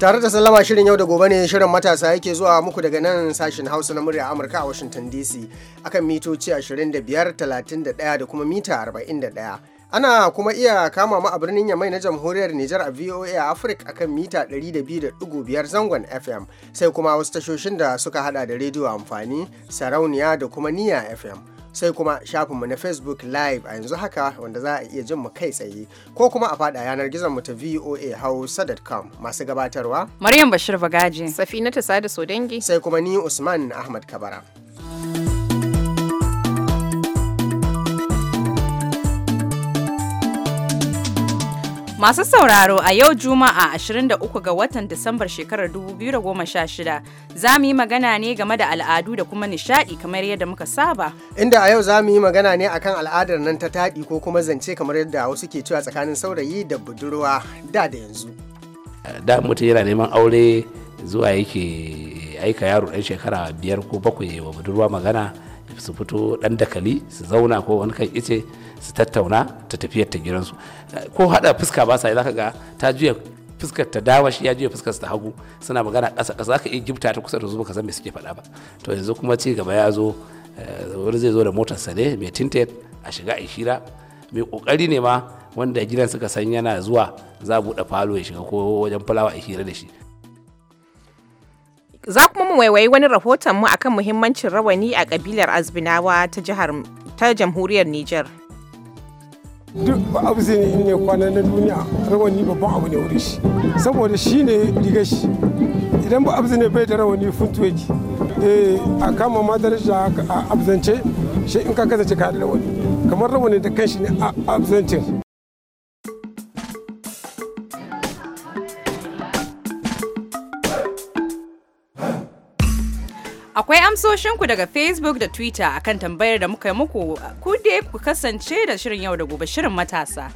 tare da sallama shirin yau da gobe ne shirin matasa yake zuwa muku daga nan sashen hausa na murya amurka a washington dc akan mitoci 25 31 da kuma mita 41 ana kuma iya kama mu a birnin yamai na jamhuriyar Nijar a VOA a Africa akan mita 200.5 zangon FM sai kuma wasu tashoshin da suka hada da rediyo amfani sarauniya da kuma niya FM sai kuma shafinmu na facebook live a yanzu haka wanda za a iya jin mu kai tsaye ko kuma a fada yanar gizon mu ta voa hausa.com masu gabatarwa maryam bashir bagaji na ta sada sodangi sai kuma ni usman ahmad kabara Masu sauraro a yau Juma'a 23 ga watan Disambar shekarar 2016 za mu yi magana ne game da al'adu da kuma nishadi kamar yadda muka saba. Inda a yau za mu yi magana ne akan al'adar nan ta taɗi ko kuma zance kamar yadda wasu ke cewa tsakanin saurayi da budurwa da da yanzu. Da mutum yana neman aure zuwa yake aika yaro ɗan shekara biyar ko bakwai wa budurwa magana su fito ɗan dakali su zauna ko wani kan ice su tattauna ta tafiyar ta gidansu ko hada fuska ba sa za ka ga ta juya fuskar ta dawa shi ya juya fuskar ta hagu suna magana kasa ƙasa aka iya gifta ta kusa da zuba ka san me suke faɗa ba to yanzu kuma ci gaba ya zo eh, wani zai zo da motar sa ne mai tinted a shiga a shira mai kokari ne ma wanda gidan suka san yana zuwa za a buɗe falo ya shiga ko wajen fulawa a hira da shi za kuma mu waiwayi wani rahoton mu akan muhimmancin rawani a kabilar azbinawa ta jihar ta jamhuriyar Nijar. duk ba abu zai ne in ne kwana na duniya rawani babban abu ne wuri shi saboda shi ne riga shi idan ba abu ne bai da rawani funtu yake eh, a kama ma daraja a abzance shi in ka kasance ka da rawani kamar rawani da kanshi ne a abzancin Akwai amsoshinku daga Facebook da Twitter akan tambayar da muka yi muku ku da ku kasance da shirin yau da gobe shirin matasa.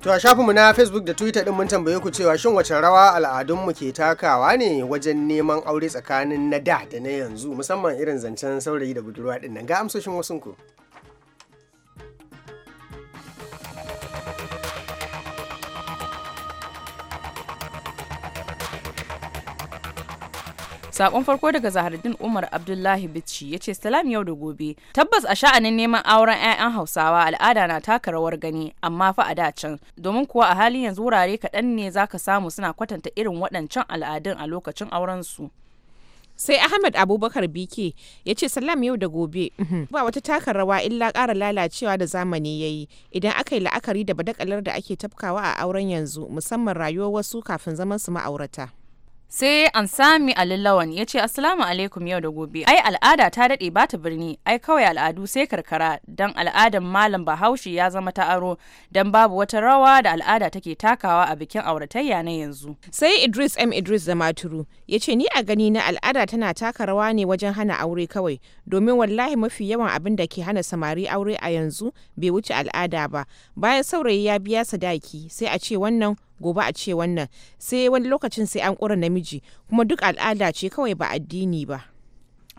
To a shafinmu na Facebook da Twitter din mun tambaye ku cewa shin wace rawa al'adunmu ke takawa ne wajen neman aure tsakanin na da da na yanzu musamman irin zancen saurayi da budurwa din ga amsoshin wasunku. ku. Sakon farko daga Zahardin Umar Abdullahi Bicci ya ce salam yau da gobe. Tabbas a sha'anin neman auren 'ya'yan Hausawa al'ada na taka rawar gani amma fa a dacin domin kuwa a halin yanzu wurare kaɗan ne zaka samu suna kwatanta irin waɗancan al'adun a lokacin auren su. sai ahmad abubakar bike ya ce salam yau da gobe mhm. ba wata taka rawa illa ƙara lalacewa da zamani ya yi idan aka yi la'akari da badakalar da ake tafkawa a auren yanzu musamman rayuwar wasu kafin zaman su ma'aurata sai an sami alillawan ya ce assalamu alaikum yau da gobe ai al'ada ta daɗe ba ta birni ai kawai al'adu sai karkara don al'adan malam bahaushe ya zama ta aro don babu wata rawa da al'ada take takawa a bikin auratayya na yanzu sai idris m idris da maturu ya ce ni a gani na al'ada tana taka rawa ne wajen hana aure kawai domin wallahi mafi yawan abin da ke hana samari aure a yanzu bai wuce al'ada ba bayan saurayi ya biya sadaki sai a ce wannan gobe a ce wannan sai wani lokacin sai an kura namiji kuma duk al'ada ce kawai ba addini ba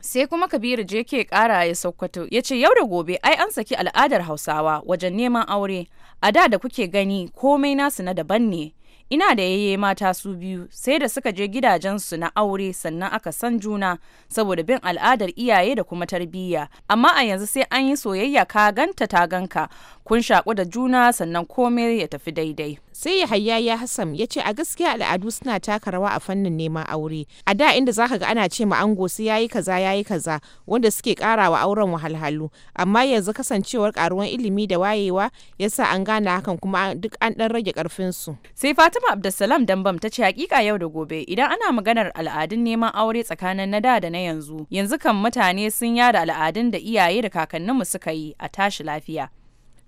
sai kuma kabiru je ke kara ya sokoto ya ce yau da gobe ai an saki al'adar hausawa wajen neman aure a da da kuke gani komai nasu na daban ne ina da yayye mata su biyu sai da suka je gidajensu na aure sannan aka san juna saboda bin al'adar iyaye da kuma tarbiyya amma a yanzu sai an yi soyayya ka ganta ta ganka kun shaƙu da juna sannan komai ya tafi daidai sai yahaya ya hassam ya ce a gaskiya al'adu suna taka rawa a fannin neman aure a da inda zaka ga ana ce ma ango su yayi kaza yayi kaza wanda suke karawa auren wahalhalu amma yanzu kasancewar karuwan ilimi da wayewa yasa an gane hakan kuma duk an dan rage karfin su sai fatima abdulsalam dambam ta ce hakika yau da gobe idan ana maganar al'adun neman aure tsakanin na da da na yanzu yanzu kan mutane sun yada al'adun da iyaye da kakanninmu suka yi a tashi lafiya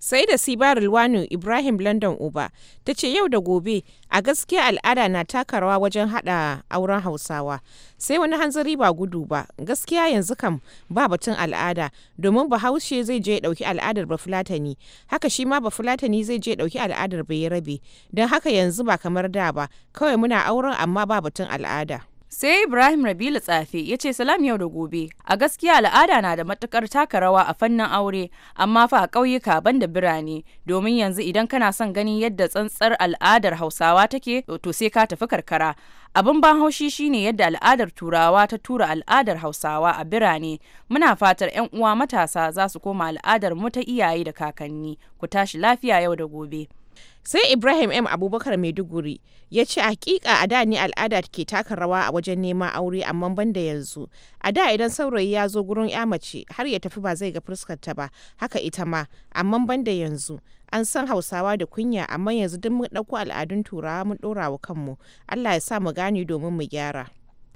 sai da sibarul wani Ibrahim London Uba ta ce yau da gobe a gaskiya al'ada na takarwa wajen hada auren Hausawa sai wani hanzari ba gudu ba gaskiya yanzu kam ba batun al'ada domin Bahaushe zai je dauki al'adar ba fulatani haka shi ma ba fulatani zai je dauki al'adar rabe don haka yanzu ba kamar da ba kawai muna auren amma ba batun al'ada sai ibrahim rabilu tsafe ya ce salam yau da gobe a gaskiya al'ada na da matukar taka rawa a fannin aure amma fa a ƙauyuka ban da birane domin yanzu idan kana son ganin yadda tsantsar al'adar hausawa take to sai ka tafi karkara abin ban haushi shine yadda al'adar turawa ta tura al'adar hausawa a birane muna fatar 'yan uwa matasa za su koma al'adar mu ta iyaye da kakanni ku tashi lafiya yau da gobe sai ibrahim m abubakar maiduguri ya ce hakika a da ni al'ada ke taka rawa a wajen neman aure amma ban da yanzu a da idan saurayi ya zo gurin ya mace har ya tafi ba zai ga ta ba haka ita ma amma ban da yanzu an san hausawa da kunya amma yanzu duk mun ɗauko al'adun turawa mun ɗora wa kanmu allah ya sa mu gane domin mu gyara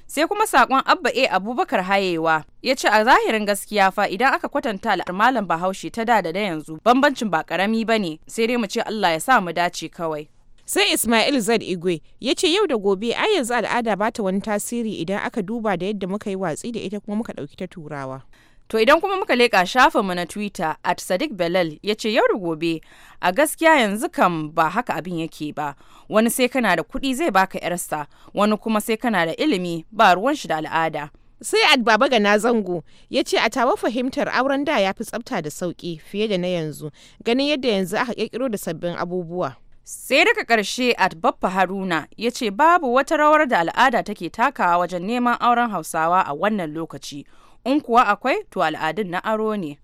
sai kuma sakon abba a abubakar hayewa ya ce a zahirin gaskiya fa idan aka kwatanta al'adar malam bahaushe ta da da yanzu bambancin ba karami ba ne sai dai mu ce allah ya sa mu dace kawai sai ismail zaid igwe ya ce yau da gobe a yanzu al'ada ba ta wani tasiri idan aka duba da yadda muka yi watsi da ita kuma muka ɗauki ta turawa To idan kuma muka leƙa mu na Twitter at Sadiq Belal ya ce yau da gobe a gaskiya yanzu kam ba haka abin yake ba wani sai kana da kuɗi zai baka yarsa wani kuma sai kana da ilimi ba ruwan shi da al'ada. Sai Adbaba na zango ya ce a tawa fahimtar auren da ya fi tsafta da sauƙi fiye da na yanzu ganin yadda yanzu aka ƙirƙiro da sabbin abubuwa. sai daga ƙarshe at baffa haruna ya ce babu wata rawar da al'ada take takawa wajen neman auren hausawa a wannan lokaci in kuwa akwai to al'adun na aro ne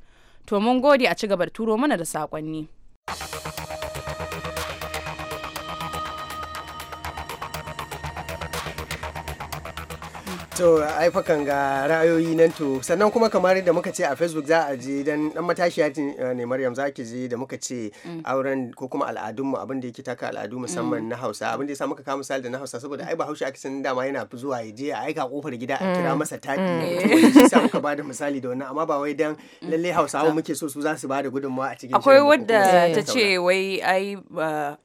to mun gode a ci gaba da turo mana da saƙonni. To ai fakan ga ra'ayoyi nan to sannan kuma kamar da muka ce a Facebook za a je dan dan matashiya eh, ne Maryam za ki je da muka ce mm. auren ko kuma al'adunmu abin da yake taka al'adu musamman mm. na Hausa abin da yasa muka kawo misali da na Hausa saboda ai Bahaushe ake san dama yana zuwa ya je a aika kofar gida a kira mm. masa taki sa muka ba da misali da wannan amma ba wai dan lalle hausa Hausawa muke so su za su ba da gudunmawa a cikin Akwai wadda ta ce wai ai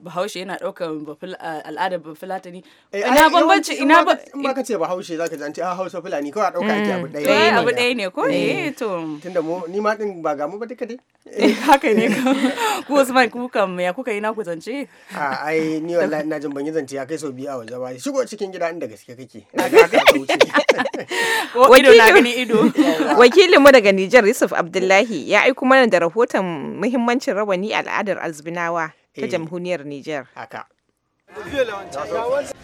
Bahaushe yana daukar eh, al'adar Bafulatani eh, ina bambanci ina ba ka ce Bahaushe zaka ji ce a ah, Hausa Fulani kawai a ɗauka ake abu mm. ɗaya. ne abu ɗaya ne ko eh. eh to. Tunda mu ni ma din ba ga mu ba duka dai. Eh, haka ne ka ku Usman ku kam ya kuka yi na ku zance? A ai ni wallahi ina jin ban yi zance ya kai sau biyu a waje ba shigo cikin gida inda gaske kake. ga Ido na gani ido. Wakilin mu daga Nijar Yusuf Abdullahi ya aika mana da rahoton muhimmancin rawani al'adar Azbinawa ta eh. jamhuriyar Nijar. Haka.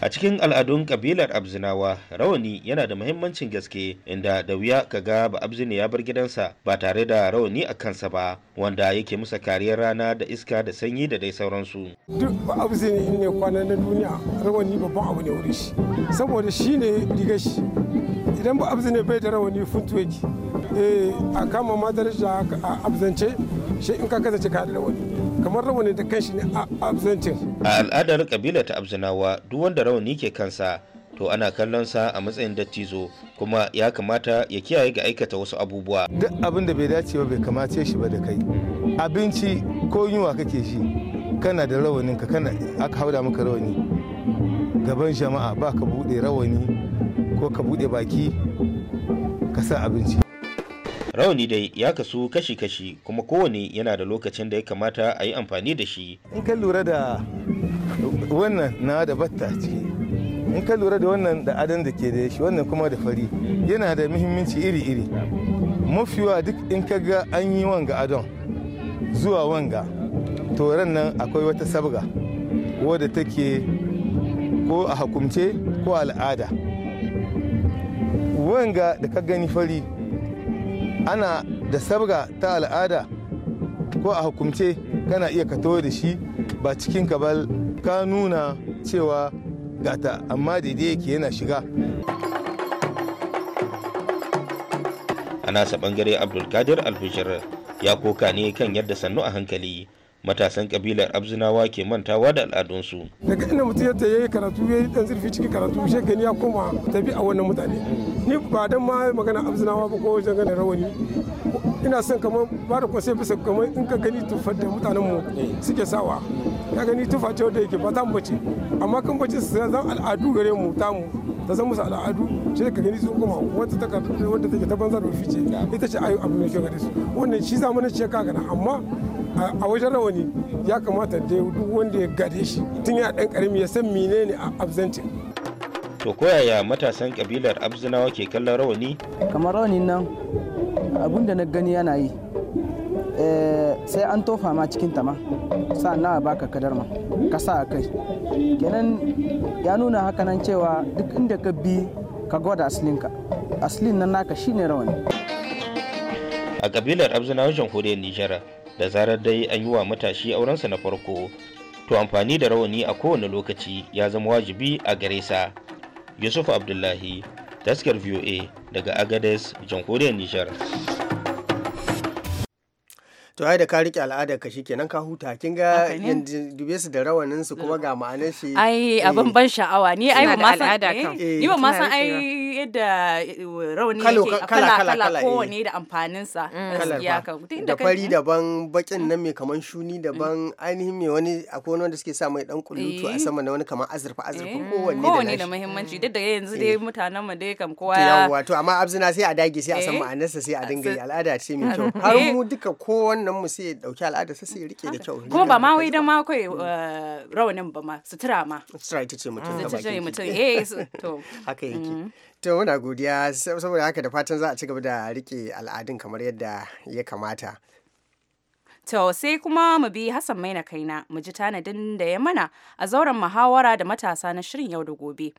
A cikin al'adun kabilar Abzinawa, rawani yana da muhimmancin gaske inda da wuya ka ga ba Abzin ya bar gidansa ba tare da rawani a kansa ba, wanda yake musa kariyar rana da iska da sanyi da dai sauransu. Duk ba Abzin ne kwana na duniya, rawani babban abu ne wuri shi, saboda shi ne diga shi. Idan ba bai da rawani funtu eh, a kama madaraja a abzance, shi in ka kasance ka da rawani. kamar rawani da kanshi ne a absentin a al'adar kabila ta abzanawa duk wanda rawani ke kansa to ana kallon sa a matsayin dattizo kuma ya kamata ya kiyaye ga aikata wasu abubuwa duk abin da bai dace ba bai kamace shi ba da kai abinci ko yunwa kake shi kana da rawanin ka kana aka hauda maka rawani gaban jama'a ba ka bude rawani ko ka bude baki ka sa abinci Rawani dai ya kasu kashi-kashi kuma kowane yana da lokacin da ya kamata a yi amfani da shi. In ka lura da wannan na da batta ce in ka lura da wannan da adan da ke da shi wannan kuma da fari yana da muhimmanci iri-iri. Mafiwa duk in ka ga an yi wanga adon zuwa wanga, to nan akwai wata sabga wadda take ko a hukumce ko al'ada. Wanga da ka gani fari ana da sabga ta al'ada ko a hukumce kana iya ka da shi ba cikin kabal ka nuna cewa gata amma daidai yake yana shiga a nasa bangare abdulkadir alfishir ya koka ne kan yadda sannu a hankali matasan kabilar abzinawa ke mantawa da al'adunsu daga inda mutum ya yi karatu ya yi dan zurfi cikin karatu shekani ya koma tafi a wannan mutane ni ba dan ma magana abzinawa ba ko wajen gane rawani ina son kamar ba da kwasai bisa kamar in ka gani tufar da mutanen mu suke sawa ka gani tufa ce wadda yake ba ta mu bace amma kan bace su zan al'adu gare mu ta mu ta zan musu al'adu ce ka gani sun kuma wata ta karfi wadda take ta banza da fice ita ce ayu abu mai kyau gare su wannan shi zamanin ce ka gana amma a wajen rawani ya kamata da duk wanda ya gade shi tun ya dan karimi ya san menene a abzancin to koyaya matasan kabilar abzinawa ke kallon rawani kamar rawanin nan abun da na gani yana yi eh, sai an tofa ma cikin tama sa'an nawa baka kadar ma ka sa a kai kenan ya nuna hakanan cewa duk inda ka bi ka gwada asilinka asalin nan naka shine rawani a kabilar abzinawa jamhuriyar nijar da zarar dai an yi wa matashi aurensa na farko to amfani da rawani a kowane lokaci ya zama wajibi a gare sa yusuf abdullahi taskar voa daga agades jamhuriyar nijar to ai da ka rike al'adar ka shikenan ka huta kin ga dube su da rawanin su kuma ga ma'anar shi ai eh. abin ban sha'awa ni ai ba ma san eh, ni ba ma san ai yadda eh, rawani yake kala kala ko wani da amfanin sa mm. gaskiya ka da fari daban bakin mm. nan mai kaman shuni daban mm. ainihin mai wani akwai wanda suke sa mai dan kullutu a sama na wani kaman azurfa azurfa ko wani da wani da muhimmanci duk da yanzu dai mutanen mu dai kam kowa yawa to amma abzina sai a dage sai a san sa sai a dinga yi al'ada ce mai kyau har mu duka kowanne nan mu sai dauki al'ada sai sai rike da kyau kuma ba ma wai dan ma kai uh, rawanin ba ma sutura ma sutura ita ce mutum ba mutum eh to haka yake mm. to muna godiya saboda haka da fatan za a ci gaba da rike al'adun kamar yadda ya kamata To sai kuma mu bi Hassan Maina kaina mu ji tanadin da ya mana a zauren muhawara da matasa na shirin yau da gobe.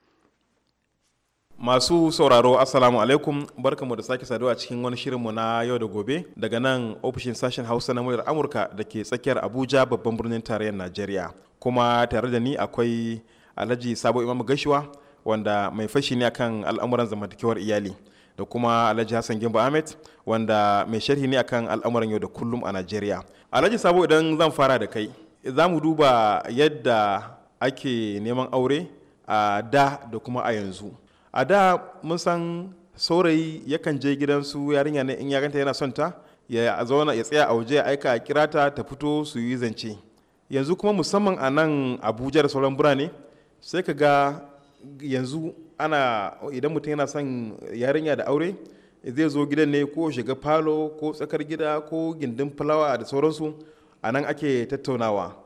Masu sauraro Assalamu alaikum barkamu da sake saduwa cikin wani shirinmu na yau da gobe daga nan ofishin sashen Hausa na muryar Amurka da ke tsakiyar Abuja babban birnin tarayyar Najeriya. Kuma tare da ni akwai Alhaji Sabo Imam gashiwa wanda mai fashi ne akan al'amuran zamantakewar iyali da kuma Alhaji Hassan Gimba Ahmed wanda mai sharhi ne akan al'amuran yau da kullum a Najeriya. Alhaji Sabo idan zan fara da kai za mu duba yadda ake neman aure a da da kuma a yanzu. a da mun san saurayi yakan je gidansu yarinya ne in ya yana son ta ya zauna ya tsaya a waje ya aika a kira ta ta fito su yi zance yanzu kuma musamman a nan abuja da sauran birane sai ka ga yanzu ana idan mutum yana son yarinya da aure zai zo gidan ne ko shiga falo ko tsakar gida ko gindin fulawa da sauransu a nan ake tattaunawa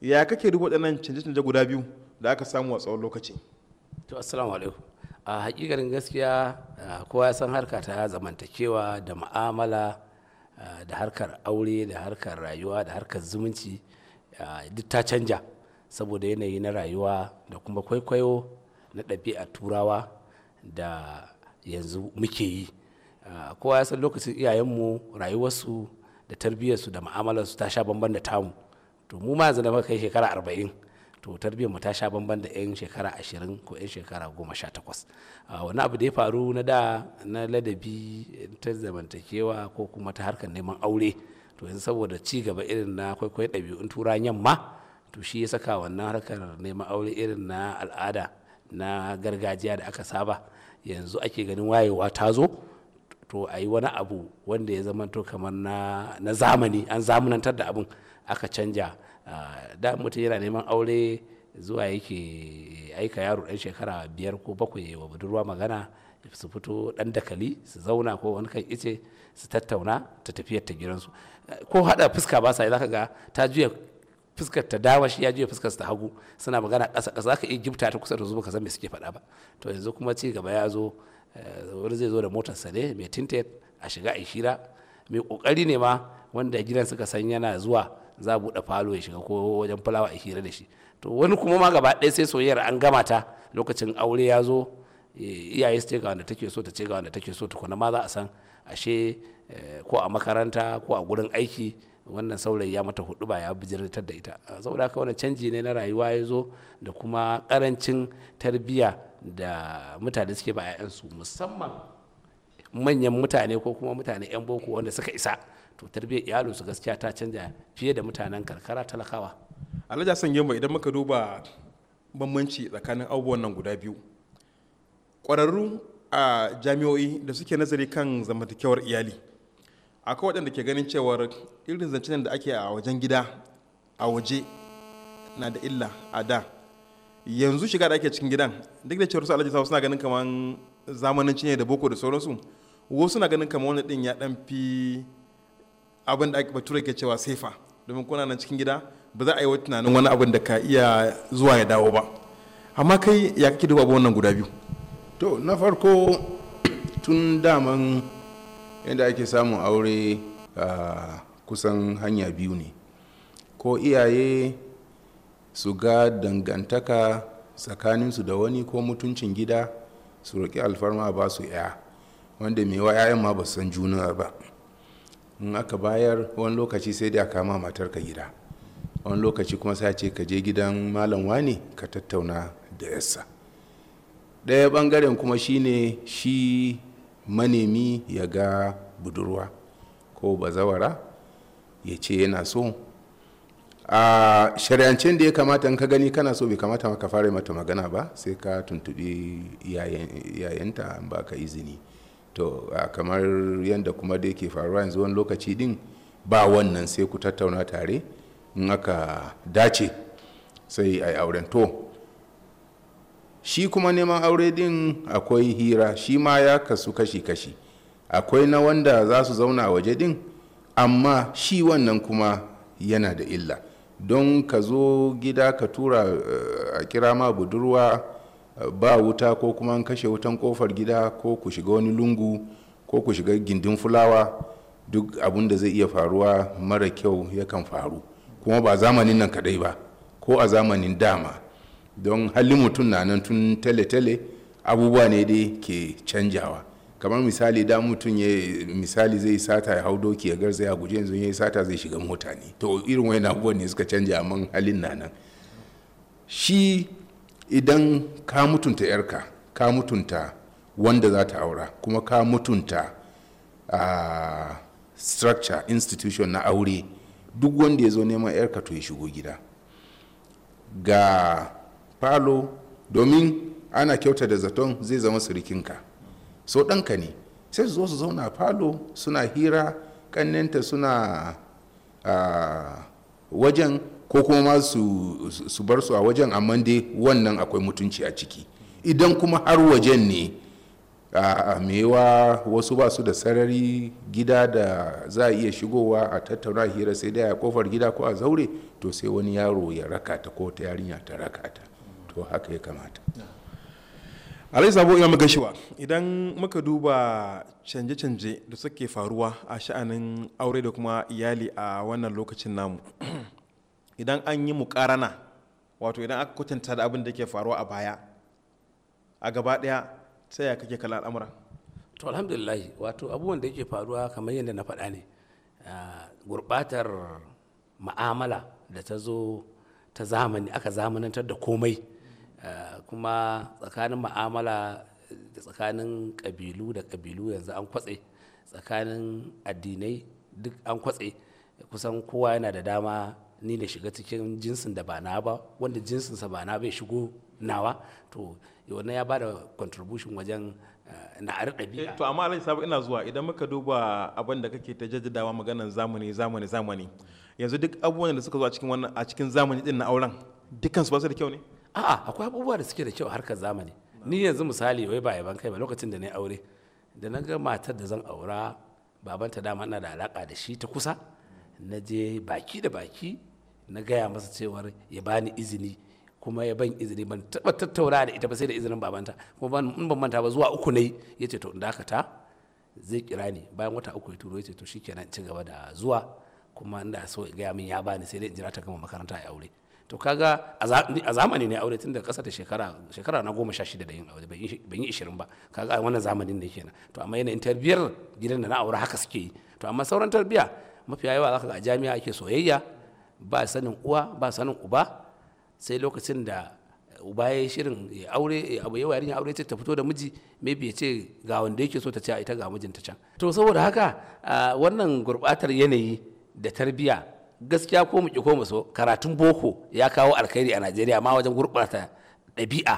ya kake duba waɗannan canje-canje guda biyu da aka samu a tsawon lokaci to assalamu alaikum a hakikarin gaskiya kowa ya san harka ta zamantakewa da ma'amala da harkar aure da harkar rayuwa da harkar zumunci duk ta canja saboda yanayi na rayuwa da kuma kwaikwayo na ɗabi'a turawa da yanzu muke yi kowa ya san lokacin iyayenmu rayuwarsu da tarbiyyarsu da ma'amalarsu ta sha bambam da tamu to mu ma yanzu da muka kai shekara arba'in to tarbiyyar mu ta sha bamban da 'yan shekara ashirin ko 'yan shekara goma sha takwas wani abu da ya faru na da na ladabi ta zamantakewa ko kuma ta harkar neman aure to yanzu saboda ci gaba irin na kwaikwayi ɗabi'un turan yamma to shi ya saka wannan harkar neman aure irin na al'ada na gargajiya da aka saba yanzu ake ganin wayewa ta zo to a yi wani abu wanda ya zamanto kamar na zamani an zamanantar da abin aka canja da mutum yana neman aure zuwa yake aika yaro ɗan shekara biyar ko bakwai wa budurwa magana su fito ɗan dakali su zauna ko wani kan ice su tattauna ta tafiyar ta gidansu ko haɗa fuska ba sa zaka ga ta juya fuskar ta dawa shi ya juya fuskar ta hagu suna magana ƙasa ƙasa zaka iya gifta ta kusa da zuba ka san me suke faɗa ba to yanzu kuma ci gaba ya zo eh, wani zai zo da sa ne mai tinted a shiga a shira mai ƙoƙari ne ma wanda gidan suka san yana zuwa za a buɗe falo ya shiga ko wajen fulawa a hira da shi to wani kuma ma gaba ɗaya sai soyayyar an gama ta lokacin aure ya zo eh, iyaye su ce ga wanda take so ta ce ga wanda take so tukuna ma za a san ashe eh, ko a makaranta ko a gurin aiki wannan saurayi ya mata hudu ba ya bijirtar da ita ah, saboda haka wani canji ne na rayuwa ya zo da kuma karancin tarbiyya da mutane suke ba 'ya'yansu musamman manyan mutane ko kuma mutane 'yan boko wanda suka isa to tarbiyyar iyalinsu gaskiya ta canja fiye da mutanen karkara talakawa alhaji hassan yamma idan muka duba bambanci tsakanin abubuwan nan guda biyu ƙwararru a jami'o'i da suke nazari kan zamantakewar iyali akwai waɗanda ke ganin cewar irin zancen da ake a wajen gida a waje na da illa a da yanzu shiga da ake cikin gidan duk da cewar su alhaji suna ganin kamar zamanin ne da boko da sauransu wasu na ganin kamar wani ɗin ya ɗan fi abin da ake bature ke cewa sefa domin kuna nan cikin gida ba za a yi wa tunanin wani abin da ka iya zuwa ya dawo ba amma kai ya kake duba wannan guda biyu to na farko tun daman yadda ake samun aure a kusan hanya biyu ne ko iyaye su ga dangantaka tsakaninsu da wani ko mutuncin gida su roƙi alfarma ba su 'ya wanda mewa 'ya'yan ma ba su san juna ba in aka bayar wani lokaci sai da kama matar ka gida wani lokaci kuma sai ce ka je gidan malam wani ka tattauna da yassa ɗaya ɓangaren kuma shine shi manemi ya ga budurwa ko bazawara ya ce yana so a shari'ancen da ya kamata in ka gani kana so bai kamata ka fara mata magana ba sai ka tuntubi yayanta ba ka izini to kamar yadda kuma da yake faruwa yanzu wani lokaci din ba wannan sai ku tattauna tare in aka dace sai a auren to shi kuma neman aure din akwai hira shi ma ya kasu kashi-kashi akwai na wanda za su zauna waje din amma shi wannan kuma yana da illa don ka zo gida ka tura eh, a kira ma budurwa ba wuta ko kuma an kashe wutan kofar gida ko ku shiga wani lungu ko ku shiga gindin fulawa duk abun da zai iya faruwa mara kyau yakan faru kuma ba zamanin nan kadai ba ko a zamanin dama don halin mutum na nan tun tele-tele abubuwa ne dai ke canjawa kamar misali da mutum ya misali zai sata ya hau doki ya garza ya guje yanzu ya sata zai shiga mota ne to irin wani abubuwa ne suka canja man halin na nan shi idan ka mutunta yarka ka mutunta wanda za ta aura kuma ka mutunta uh, structure institution na aure duk wanda ya zo neman yarka to ya shigo gida ga falo domin ana kyauta da zaton zai zama surikinka so ɗanka ne sai su zo su zauna falo suna hira ƙannenta suna uh, wajen ko kuma ma su bar su a wajen amma dai wannan akwai mutunci a ciki idan kuma har wajen ne a mewa wasu ba su da sarari gida da za a iya shigowa a tattauna hira sai dai a kofar gida ko a zaure to sai wani yaro ya rakata ko ta yarinya ta rakata to haka ya kamata alai sabo imam gashiwa idan muka duba canje-canje da suke faruwa a sha'anin aure da kuma iyali a wannan lokacin namu idan an yi mukarana wato idan aka kwatanta da abin da ke faruwa a baya a gaba ɗaya sai ya kake kala al'amura to alhamdulillah wato abubuwan da yake faruwa kamar yadda na faɗa ne gurɓatar ma'amala da ta zo ta zamani aka zamanantar da komai kuma tsakanin ma'amala da tsakanin ƙabilu da ƙabilu yanzu an kwatse tsakanin addinai duk an kwatse kusan kowa yana da dama ni ne shiga cikin jinsin da ba na ba wanda jinsinsa ba na bai shigo nawa to wannan ya bada contribution wajen eh, na ɗabi'a. Eh, to amma alai sabu ina zuwa idan muka duba abin da kake ta jaddadawa maganar zamani zamani zamani yanzu duk abubuwan da suka zo a cikin wannan a cikin zamani din na auren dukkan su ba su da kyau ne a'a akwai abubuwa da suke da kyau harkar zamani ni yanzu misali wai ba yaban kai ba lokacin da na aure da na ga matar da zan aura babanta dama ina da alaka da shi ta kusa na je baki da baki na gaya masa cewar ya bani izini kuma ya ban izini ban taɓa tattauna da ita ba sai da izinin babanta kuma in ban manta ba zuwa uku ne ya ce to in dakata zai kira ni bayan wata uku ya turo ya ce to shikenan ci gaba da zuwa kuma inda so ya gaya min ya bani sai dai in jira ta gama makaranta a aure to kaga a zamani ne aure tun da kasa da shekara shekara na goma sha shida da yin aure ban yi ishirin ba kaga a wannan zamanin ne kenan to amma yanayin tarbiyar gidan da na aure haka suke yi to amma sauran tarbiya mafi yawa ka ga a jami'a ake soyayya ba sanin uwa ba sanin uba sai lokacin da uba ya yi shirin ya aure abu yawa yarinya aure ce ta fito da miji mai ya ce ga wanda yake so ta ce a ita ga mijinta can to saboda haka wannan gurbatar yanayi da tarbiya gaskiya ko muki ko so karatun boko ya kawo alkhairi a Najeriya ma wajen gurbata ɗabi'a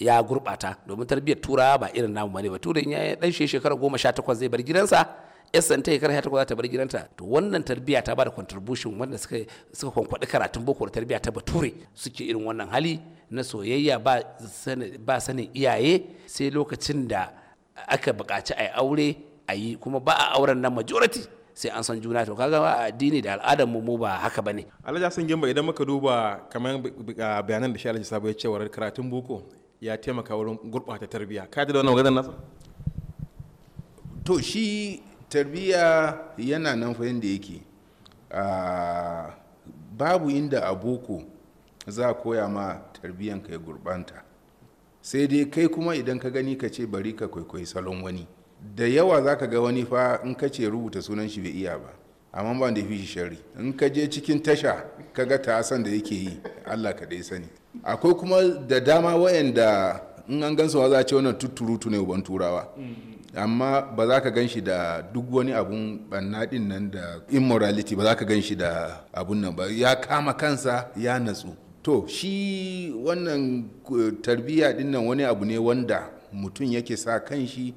ya gurbata domin tarbiyyar turawa ba irin namu ne ba turai ya dan shekara goma sha takwas zai bar gidansa yasan ta karya ta za ta bar gidanta to wannan tarbiyya ta bada contribution wanda suka suka kwankwaɗi karatun boko da tarbiyya ta bature suke irin wannan hali na soyayya ba ba sanin iyaye sai lokacin da aka buƙaci a yi aure ayi kuma ba a auren nan majority sai an san juna to kaga a addini da al'adar mu ba haka bane Alhaji san Gimba idan muka duba kamar bayanan da shi Sabo ya ce warar karatun boko ya taimaka wurin gurɓata tarbiyya ka da wannan maganar nasa to shi Tarbiya yana nan fahim da yake babu inda a za a koya ma tarbiyan ka ya gurbanta sai dai kai kuma idan ka gani ka ce bari ka kwaikwayi salon wani da yawa za ka ga wani fa in ka ce rubuta sunan shi bai iya ba amma ba da fi shi shari in ka je cikin tasha ka ga ta'asan da yake yi allah ka dai sani akwai kuma da dama wayanda in an gansuwa za a ce wannan tutturutu ne uban turawa amma ba za ka gan shi da duk wani abun banna din nan da immorality ba za ka gan shi da abun nan ba ya kama kansa ya natsu to shi wannan eh, tarbiyya din nan wani abu ne wanda mutum yake sa kan shi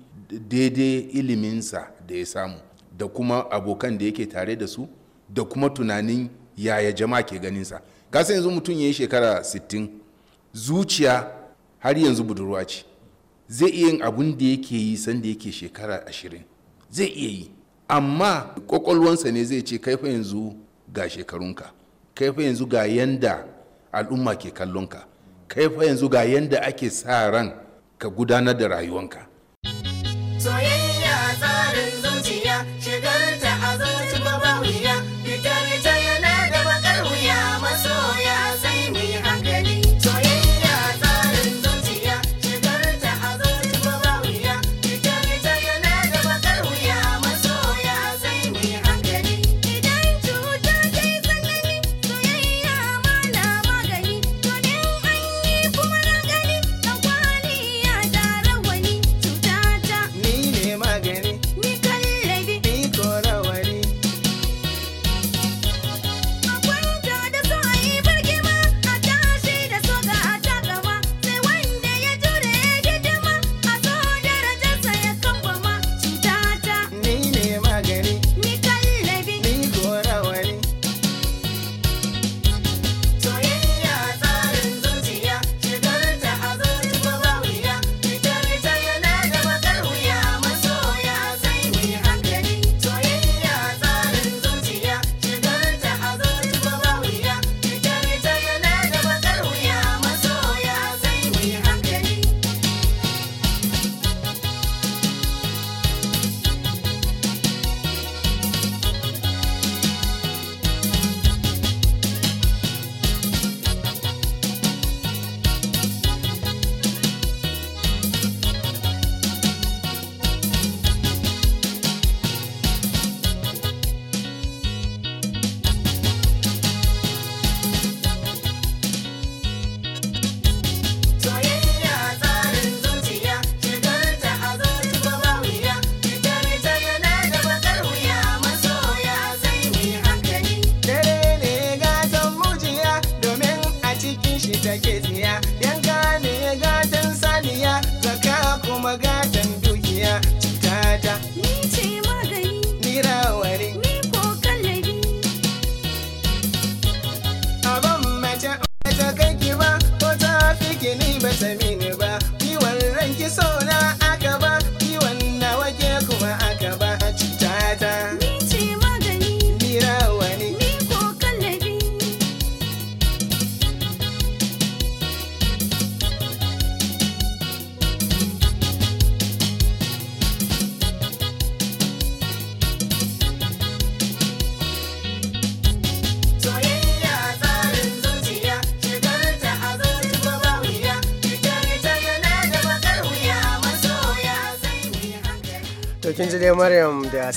daidai iliminsa da ya samu da kuma abokan da yake tare da su da kuma tunanin yaya jama'a ke ganinsa kasa yanzu mutum ya yi shekara 60 zuciya har yanzu budurwa ce zai iya yin abun da yake yi sanda yake shekara ashirin zai iya yi amma kwakwalwansa ne zai ce kaifa yanzu ga shekarunka kaifa yanzu ga yanda al'umma ke kallonka kaifa yanzu ga yanda ake sa ran ka gudanar da rayuwanka. So, yeah.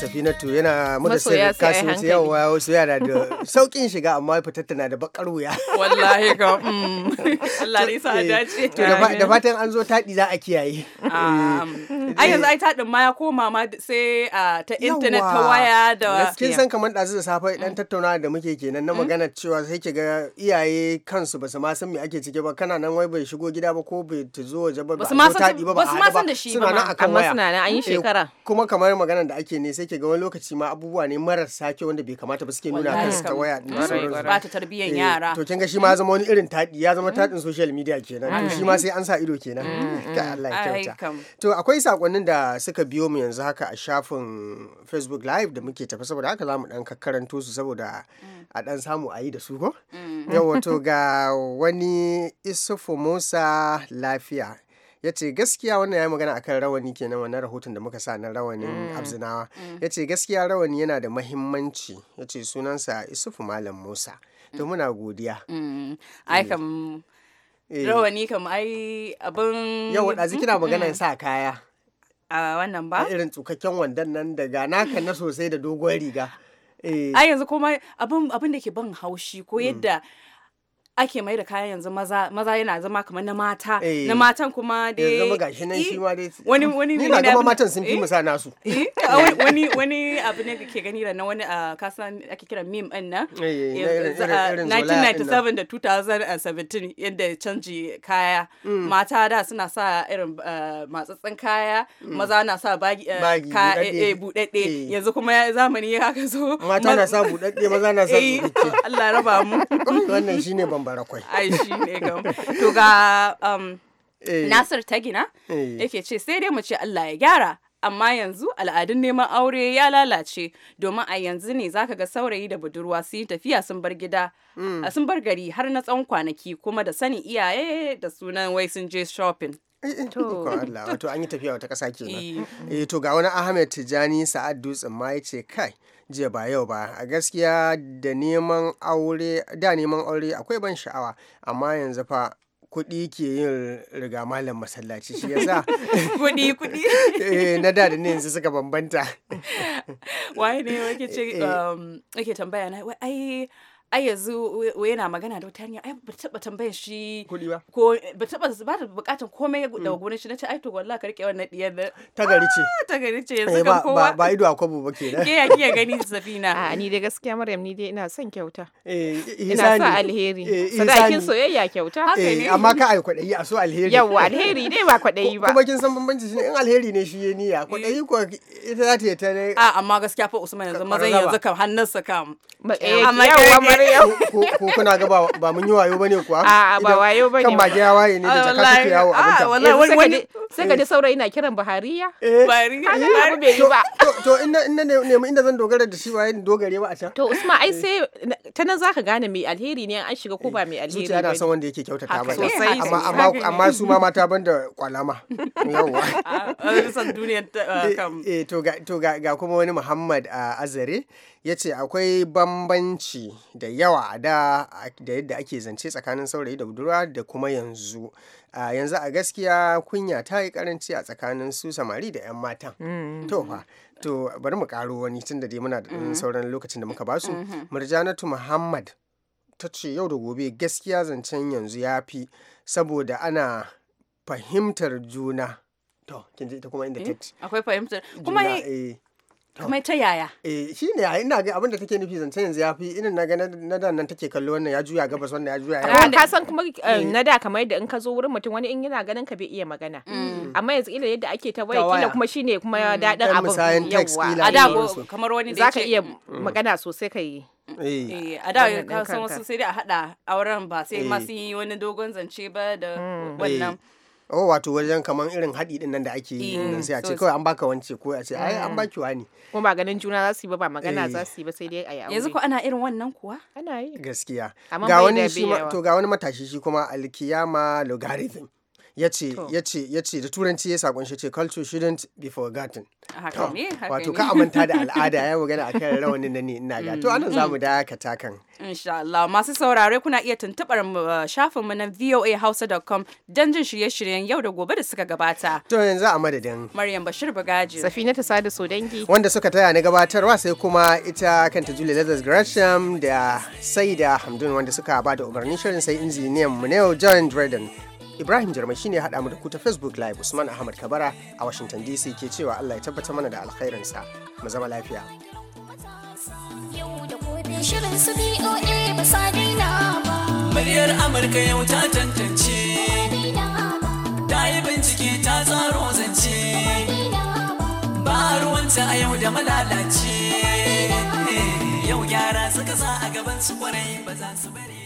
safinatu yana mu sai kasu kasuwanci yawa wasu yara da saukin shiga amma fitar tana da bakar wuya wallahi mm. ga Allah ne sa eh, dace to da fatan an zo taɗi za a kiyaye Ai eh. yanzu ai din ma ya koma ma sai ah, ta intanet ta waya da kin san kamar ɗazu da safe dan mm. tattauna da muke kenan na mm. magana cewa sai ki ga iyaye kansu basu ma san me ake ciki ba kana nan wai bai shigo gida ba ko bai zo waje ba ba ma san ba ba a ba suna nan akan waya suna nan an yi mm. eh, shekara kuma kamar maganar da ake ne sai ki ga wani lokaci ma abubuwa ne marar sake wanda bai kamata ba suke nuna kansu ta waya din ba ta tarbiyyar eh, yara to kin ga shi ma ya zama wani irin taɗi ya zama taɗin social media kenan to shi ma sai an sa ido kenan ka Allah ya kyauta to akwai sa sakonnin da suka biyo mu yanzu haka a shafin facebook live da muke tafi saboda haka za mu dan kakkaranto su saboda mm. a dan samu a yi da su ko mm. yawa to ga wani isufu musa lafiya ya ce gaskiya wannan ya yi magana akan rawani kenan wannan rahoton da muka sa na rawanin mm. abzinawa ya ce gaskiya rawani yana da mahimmanci ya ce sunansa isufu malam musa to muna godiya eh. rawani kam ai abin yau da kina magana sa kaya a wannan ba irin tsukakken wandan nan daga naka na sosai da dogon riga a eh. yanzu kuma abin da ke ban haushi ko mm. yadda mm. ake mai da kayan yanzu maza maza yana zama kamar na mata eh. na matan kuma da ya zama gashi nan shi ma dai wani wani ni na ga matan sun fi musa eh? nasu wani wani abu ne kake gani da na wani kasan ake kira meme din nan 1997 eh, da 2017 yadda canji kaya mm. mata da suna sa irin matsatsan kaya mm. maza na sa bagi kaya budadde yanzu kuma zamani ya haka zo mata na sa budadde maza na sa budadde Allah raba mu wannan shine bambam barakwai ai shi ne to ga um, eh. Nasir ta gina eh. yake ce sai dai mu ce Allah ya gyara amma yanzu al'adun neman aure ya lalace domin a yanzu ne zaka ga saurayi da budurwa su yi tafiya sun bar gida mm. sun bar gari har na tsawon kwanaki kuma da sanin iyaye da sunan wai sun je shopping eh, to an yi tafiya wata ƙasa ke to ga wani Ahmed Tijani Sa'ad Dutsen ma ce kai jiya ba yau ba a gaskiya da neman aure da neman aure akwai ban sha'awa amma yanzu fa kuɗi ke yin riga malam masallaci shi yasa kuɗi kuɗi eh na da da ne yanzu suka bambanta waye ne wake ce eh, eh. um, ake tambaya na ai ai yanzu yana magana da wata hanya ai ba taba tambayar shi kuɗi ba ko ba taba ba ta bukatan komai daga mm. gurin shi nace ai to wallahi ka rike wannan diyar da ta gari ce ah, ta gari ce yanzu eh, kan kowa ba ido a kwabo ba kenan ke ya kiya gani safina a ni dai gaskiya Maryam ni dai ina son kyauta eh ina sa alheri eh, sadakin soyayya kyauta haka eh, ne amma ka ai kwadayi a so alheri yawa alheri ne ba kwadayi ba kuma kin san bambanci shi in alheri ne shi ya Kwaɗayi kwadayi ko ita za ta yi ta a amma gaskiya fa Usman yanzu mazan yanzu kam hannunsa kam amma yawa dare yau ko kuna ga ba mun yi wayo bane kuwa a ba wayo bane kan bage waye ne da jaka suke yawo abin ta wallahi wani sai ka ji eh. saurayi na kiran Buhariya eh. Buhariya har bai yi ba to in na mu inda zan dogara da shi waye dogare ba a can to Usman ai eh. sai ta nan zaka gane mai alheri ne an shiga ko ba mai alheri zuciya na san wanda yake kyautata ba amma amma su ma mata banda kwalama yawa san duniyar kam eh to ga to ga kuma wani Muhammad Azare ya ce akwai bambanci da yawa da da yadda ake zance tsakanin saurayi da budurwa da kuma yanzu a yanzu a gaskiya kunya ta yi karanci a tsakanin su samari da 'yan mata mm-hmm. to fa to bari mu karo wani tun da dai muna da mm-hmm. sauran lokacin da muka basu mm-hmm. murjanatu muhammad ta ce yau da gobe gaskiya zancen yanzu ya fi saboda ana fahimtar juna to ita kuma inda eh, akwai fahimtar kuma eh. kuma ta yaya eh shi ne ina ga abinda da take nufi zance yanzu ya fi na ga na da nan take kallo wannan ya juya gabas wannan ya juya ya ka san kuma eh, eh. na da kamar yadda in ka zo wurin mutum wani in yana ganin ka bai iya magana mm. amma yanzu ila yadda ake ta waya kila kuma shine kuma mm. dadin abin yawa a da kamar wani da yake iya mm. magana sosai ka yi eh. a da kasan wasu sai da a hada auren ba sai ma sun yi wani dogon zance ba da wannan oh wato wajen kamar irin haɗi din nan da ake yi mm, nan sai a ce kawai an baka wance ko a ce ai an mm. baki wani kuma ba ganin juna za su yi ba ba magana eh. za su yi ba sai dai a yi aure yanzu ko ana irin wannan kuwa ana yi gaskiya ga wani shi to ga wani matashi shi kuma alkiyama logarithm ya ce da turanci ya sakon shi ce culture shouldn't be forgotten wato ka amanta da al'ada ya magana a kan rawanin da ni ina ga to anan mm, zamu mm. dakata kan insha Allah masu saurare kuna iya tuntubar shafin mu uh, na voahausa.com don jin shirye-shiryen yau da gobe da suka gabata to yanzu a madadin Maryam Bashir Bagaji Safina ta sada Sodangi wanda suka taya ni gabatarwa sai kuma ita kanta Julie Lazarus Gresham da Saida Hamdun wanda suka bada da umarnin shirin sai injiniyan mu ne John Dredden Ibrahim Jarmai shine ya haɗa mu da ku ta Facebook Live Usman Ahmad Kabara a Washington DC ke cewa Allah ya tabbata mana da alkhairinsa. Mu zama lafiya. Muryar Amurka yau ta tantance, ta yi bincike ta tsaro zance, ba ruwanta a yau da malalace. Yau gyara suka sa a gaban su kwarai ba za su bari.